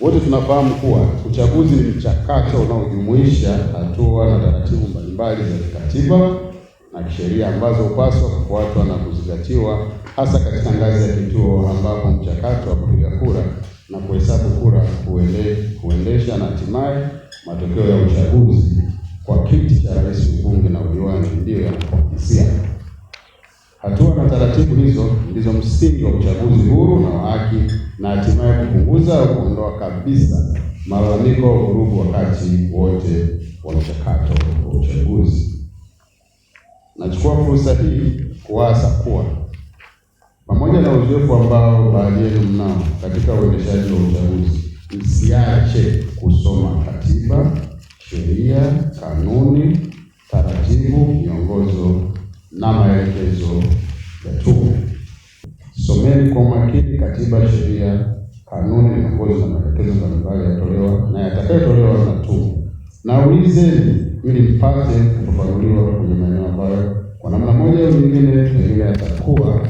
Wote tunafahamu kuwa uchaguzi ni mchakato unaojumuisha hatua na taratibu mbalimbali za kikatiba na kisheria ambazo hupaswa kufuatwa na kuzingatiwa, hasa katika ngazi ya kituo ambapo mchakato wa kupiga kura na kuhesabu kura huende, huendesha na hatimaye matokeo ya uchaguzi kwa kiti cha rais, ubunge na udiwani ndiyo ya Hatua na taratibu hizo ndizo msingi wa uchaguzi huru na wa haki na hatimaye kupunguza au kuondoa kabisa malalamiko au vurugu wakati wote wa mchakato wa uchaguzi. Nachukua fursa hii kuwaasa kuwa pamoja na uzoefu ambao baadhi yenu mnao katika uendeshaji wa uchaguzi, msiache kusoma katiba, sheria, kanuni, taratibu, miongozo na maelekezo ya tume. Someni kwa umakini katiba, sheria, kanuni, miongozo na maelekezo mbalimbali yatolewa na yatakayotolewa na tume. Naulizeni ili mpate kufafanuliwa kwenye maeneo ambayo kwa namna moja au nyingine pengine yatakuwa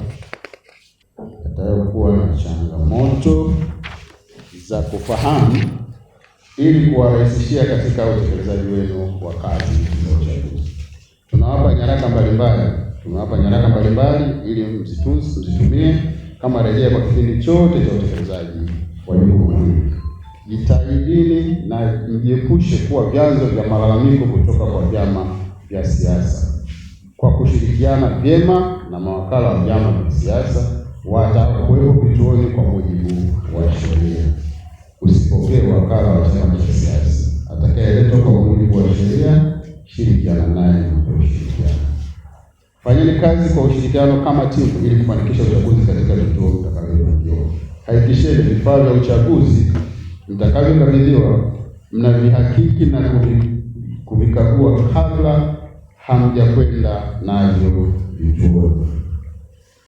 yatayokuwa na changamoto za kufahamu ili kuwarahisishia katika utekelezaji wenu wa kazi za uchaguzi. Tunawapa nyaraka mbalimbali Tumewapa nyaraka mbalimbali ili mzitunze, mzitumie kama rejea kwa kipindi chote cha utekelezaji wa jukumu hili. Jitahidini na mjiepushe kuwa vyanzo vya malalamiko kutoka kwa vyama vya siasa. Kwa kushirikiana vyema na mawakala wa vyama vya siasa, watakuwepo vituoni kwa mujibu wa sheria. Usipokee wakala wa chama cha siasa atakayeletwa kwa mujibu wa sheria, shirikiana naye kwa ushirikiano. Fanyeni kazi kwa ushirikiano kama timu ili kufanikisha uchaguzi katika vituo mtakavyofikiwa. Hakikisheni vifaa vya uchaguzi mtakavyokabidhiwa mnavihakiki na kuvikagua kabla hamjakwenda navyo vituo.